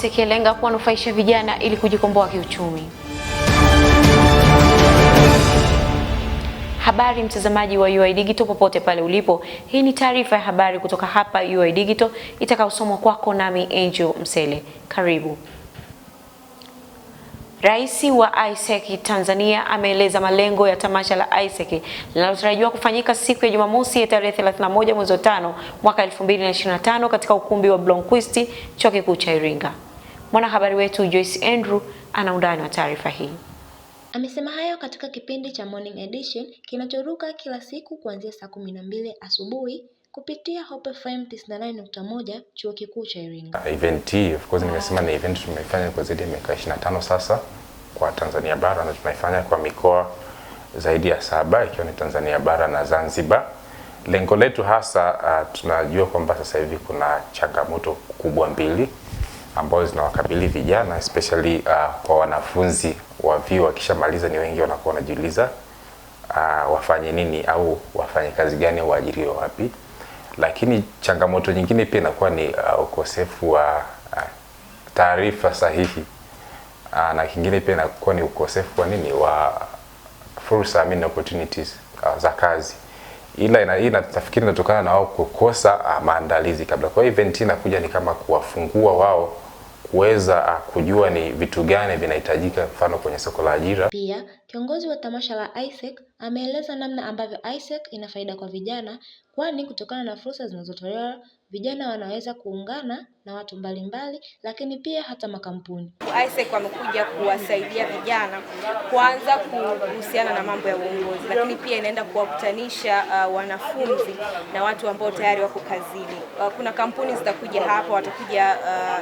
binafsi ikilenga kuwanufaisha vijana ili kujikomboa kiuchumi. Habari mtazamaji wa UoI Digital popote pale ulipo, hii ni taarifa ya habari kutoka hapa UoI Digital itakayosomwa kwako nami Angel Msele. Karibu. Rais wa ISEC Tanzania ameeleza malengo ya tamasha la ISEC linalotarajiwa kufanyika siku ya Jumamosi ya tarehe 31 mwezi wa 5 mwaka 2025 katika ukumbi wa Blomquist, chuo kikuu cha Iringa. Mwanahabari wetu Joyce Andrew ana undani wa taarifa hii. Amesema hayo katika kipindi cha Morning Edition kinachoruka kila siku kuanzia saa kumi na mbili asubuhi kupitia Hope FM 99.1 Chuo Kikuu cha Iringa. Event hii of course nimesema ni event tumeifanya kwa zaidi ya miaka 25 sasa kwa Tanzania bara na tunaifanya kwa mikoa zaidi ya saba ikiwa ni Tanzania bara na Zanzibar. Lengo letu hasa uh, tunajua kwamba sasa hivi kuna changamoto kubwa mbili ambazo zinawakabili vijana especially uh, kwa wanafunzi wa vyuo wakishamaliza, ni wengi wanakuwa wanajiuliza uh, wafanye nini au wafanye kazi gani, waajiriwe wapi. Lakini changamoto nyingine pia inakuwa ni uh, ukosefu wa uh, taarifa sahihi uh, na kingine pia inakuwa ni ukosefu wa nini wa fursa, I mean opportunities uh, za kazi ila ina, ina tafikiri inatokana na wao kukosa uh, maandalizi kabla. Kwa hiyo event inakuja ni kama kuwafungua wao kuweza uh, kujua ni vitu gani vinahitajika, mfano kwenye soko la ajira. Pia kiongozi wa tamasha la ISEC ameeleza namna ambavyo ISEC ina faida kwa vijana, kwani kutokana na fursa zinazotolewa Vijana wanaweza kuungana na watu mbalimbali, lakini pia hata makampuni. ISEC wamekuja kuwasaidia vijana kwanza kuhusiana na mambo ya uongozi, lakini pia inaenda kuwakutanisha uh, wanafunzi na watu ambao tayari wako kazini. Uh, kuna kampuni zitakuja hapa, watakuja uh,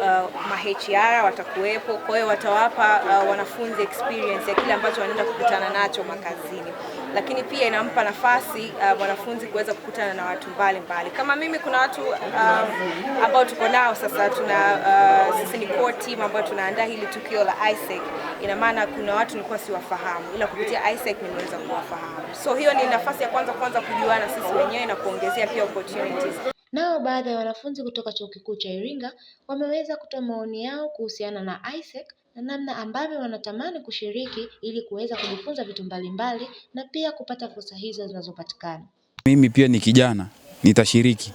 uh, ma HR watakuwepo, kwa hiyo watawapa uh, wanafunzi experience ya kile ambacho wanaenda kukutana nacho makazini lakini pia inampa nafasi uh, mwanafunzi uh, kuweza kukutana na watu mbalimbali mbali. Kama mimi kuna watu um, ambao tuko nao sasa. Tuna uh, sisi ni core team ambayo tunaandaa hili tukio la ISEC. Ina maana kuna watu nilikuwa siwafahamu, ila kupitia ISEC nimeweza kuwafahamu, so hiyo ni nafasi ya kwanza kwanza kujuana sisi wenyewe na kuongezea pia opportunities. Nao baadhi ya wanafunzi kutoka Chuo Kikuu cha Iringa wameweza kutoa maoni yao kuhusiana na ISEC na namna ambavyo wanatamani kushiriki ili kuweza kujifunza vitu mbalimbali na pia kupata fursa hizo zinazopatikana. Mimi pia ni kijana nitashiriki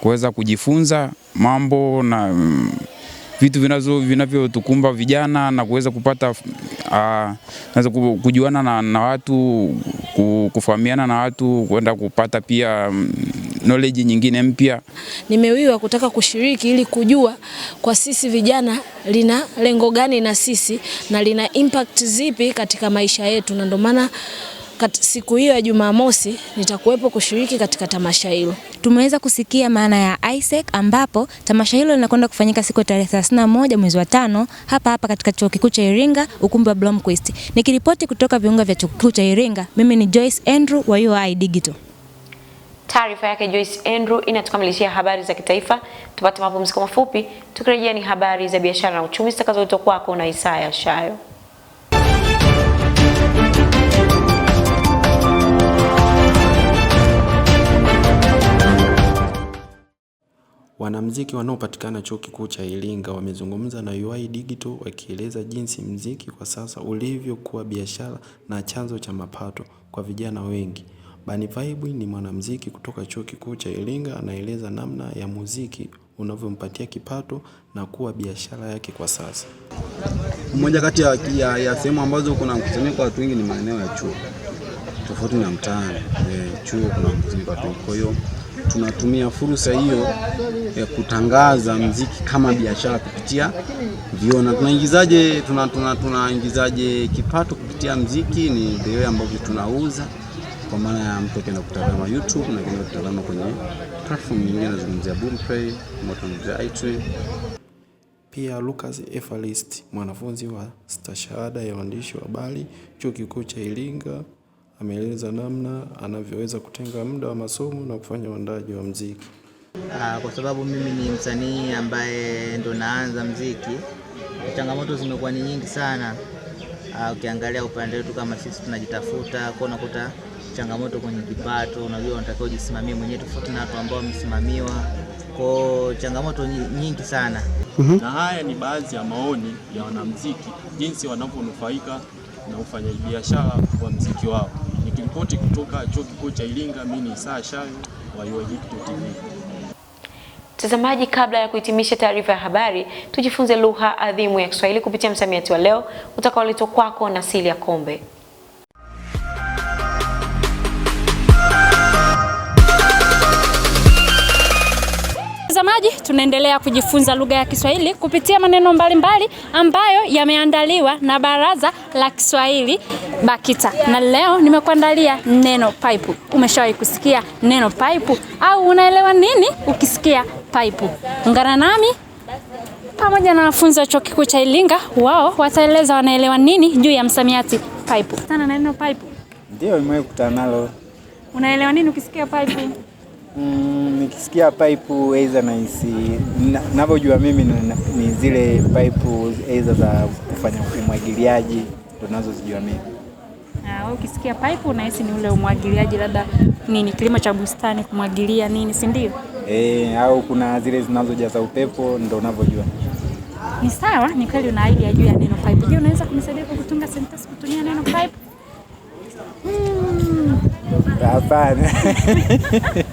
kuweza kujifunza mambo na mm, vitu vinazo vinavyotukumba vijana na kuweza kupata ah, naweza kujuana na, na watu kufahamiana na watu kwenda kupata pia mm, knowledge nyingine mpya. Nimewiwa kutaka kushiriki ili kujua kwa sisi vijana lina lengo gani na sisi na lina impact zipi katika maisha yetu, na ndio maana kat, siku hiyo ya Jumamosi nitakuwepo kushiriki katika tamasha hilo. Tumeweza kusikia maana ya ISEC ambapo tamasha hilo linakwenda kufanyika siku ya tarehe 31 mwezi wa tano hapa hapa katika Chuo Kikuu cha Iringa, ukumbi wa Blomquist. Nikiripoti kutoka viunga vya Chuo Kikuu cha Iringa, mimi ni Joyce Andrew wa UoI Digital. Taarifa yake Joyce Andrew inatukamilishia habari za kitaifa. Tupate mapumziko mafupi, tukirejea ni habari za biashara na uchumi zitakazoletwa kwako na Isaya Shayo. Wanamziki wanaopatikana chuo kikuu cha Iringa wamezungumza na UoI Digital wakieleza jinsi mziki kwa sasa ulivyokuwa biashara na chanzo cha mapato kwa vijana wengi. Bani Vibe ni mwanamziki kutoka chuo kikuu cha Iringa anaeleza namna ya muziki unavyompatia kipato na kuwa biashara yake kwa sasa. Mmoja kati ya, ya, ya sehemu ambazo kuna mkusanyiko watu wengi ni maeneo ya chuo, tofauti na mtaani. E, chuo kuna mkusanyiko watu kwa hiyo tunatumia fursa hiyo ya kutangaza mziki kama biashara kupitia viona. Tunaingizaje tuna, tuna, kipato kupitia mziki? Ni ndio ambavyo tunauza kwa maana ya mtu akienda kutazama YouTube na akienda kutazama kwenye platform nyingine, nazungumzia Boomplay, nazungumzia iTunes. Pia Lucas Evarist mwanafunzi wa stashahada ya uandishi wa habari Chuo Kikuu cha Iringa ameeleza namna anavyoweza kutenga muda wa masomo na kufanya uandaji wa mziki. Ah, kwa sababu mimi ni msanii ambaye ndo naanza mziki, changamoto zimekuwa ni nyingi sana. Ah, ukiangalia upande wetu kama sisi tunajitafuta, kwa unakuta changamoto kwenye kipato, unajua unatakiwa ujisimamie mwenyewe tofauti na watu ambao wamesimamiwa, kwa changamoto nyingi sana. Mhm. Na haya ni baadhi ya maoni ya wanamziki jinsi wanavyonufaika na ufanyaji biashara wa mziki wao nikiripoti kutoka chuo kikuu cha Iringa, mimi ni Saa Shayo wa UoI TV. Mtazamaji, kabla ya kuhitimisha taarifa ya habari, tujifunze lugha adhimu ya Kiswahili kupitia msamiati wa leo utakaoletwa kwako na Silia Kombe. Mtazamaji, tunaendelea kujifunza lugha ya Kiswahili kupitia maneno mbalimbali mbali ambayo yameandaliwa na Baraza la Kiswahili BAKITA, na leo nimekuandalia neno pipe. Umeshawahi kusikia neno pipe au unaelewa nini ukisikia pipe? Ungana nami pamoja na wanafunzi wa Chuo Kikuu cha Iringa, wao wataeleza wanaelewa nini juu ya msamiati pipe. Sana neno pipe. Ndio, nimekutana nalo. Unaelewa nini ukisikia pipe? Mm, nikisikia pipe aidha nahisi ninavyojua mimi ni zile pipe aidha za kufanya umwagiliaji ndo nazozijua mimi. Ah, ukisikia pipe unahisi ni ule umwagiliaji labda nini kilimo cha bustani kumwagilia nini si ndio? Eh, au kuna zile zinazojaza upepo ndo unavyojua. Ni sawa, ni kweli una idea juu ya neno pipe. Je, unaweza kunisaidia kwa kutunga sentensi kutumia neno pipe? Hmm. Hapana. Mm.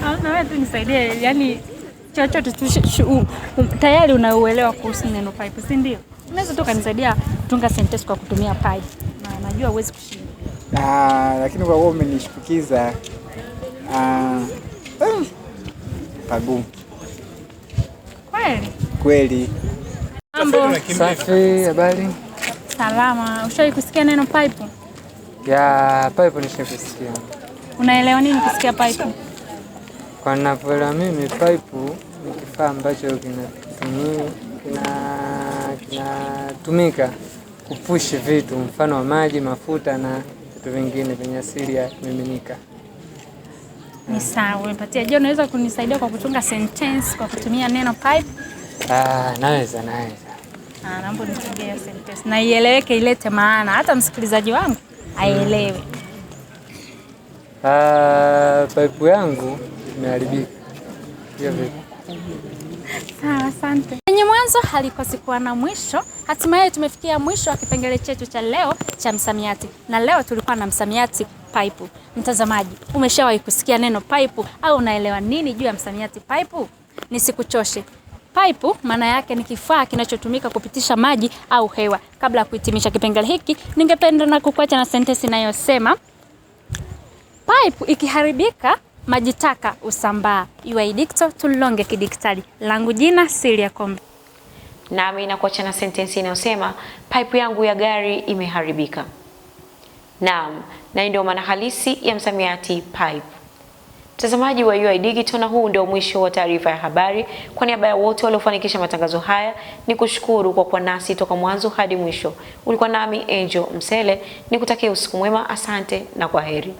Hamna, wewe tu nisaidie, yani chochote tu tayari unauelewa kuhusu neno pipe, si ndio? Unaweza tu kanisaidia tunga sentence kwa kutumia pipe, na najua huwezi kushinda. Ah, lakini kwa kuwa umenishukiza ah, eh, kweli kweli. Mambo safi, habari salama. Ushawahi kusikia neno pipe? Ya pipe nishakusikia Unaelewa nini kusikia pipe? Kwa ninavyoelewa mimi pipe ni kifaa ambacho kinatumika kupushi vitu, mfano wa maji, mafuta na vitu vingine vyenye asili ya miminika. Ni sawa, umepatia. Je, unaweza kunisaidia kwa kutunga sentence kwa kutumia neno pipe? Ah, naweza naweza. Ah, naomba nitungie sentence na ieleweke, ilete maana hata msikilizaji wangu aielewe. Uh, ah, paipu yangu imeharibika. Hiyo vipi? Sawa, asante. Kwenye mwanzo halikosi kuwa na mwisho. Hatimaye tumefikia mwisho wa kipengele chetu cha leo cha msamiati, na leo tulikuwa na msamiati paipu. Mtazamaji, umeshawahi kusikia neno paipu au unaelewa nini juu ya msamiati paipu? Nisikuchoshe. Pipe maana yake ni kifaa kinachotumika kupitisha maji au hewa. Kabla ya kuhitimisha kipengele hiki, ningependa na kukuacha na sentensi inayosema Pipe ikiharibika maji taka usambaa. Iwe idikto tulonge kidiktali Langu jina Silia Kombe. Nami nakuacha na sentensi inayosema pipe yangu ya gari imeharibika. Naam, na ndio maana halisi ya msamiati pipe. Mtazamaji wa UoI Digital, na huu ndio mwisho wa taarifa ya habari. Kwa niaba ya wote waliofanikisha matangazo haya, ni kushukuru kwa kuwa nasi toka mwanzo hadi mwisho. Ulikuwa nami Angel Msele, nikutakia usiku mwema. Asante na kwaheri.